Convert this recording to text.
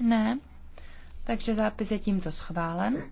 Ne. Takže zápis je tímto schválen.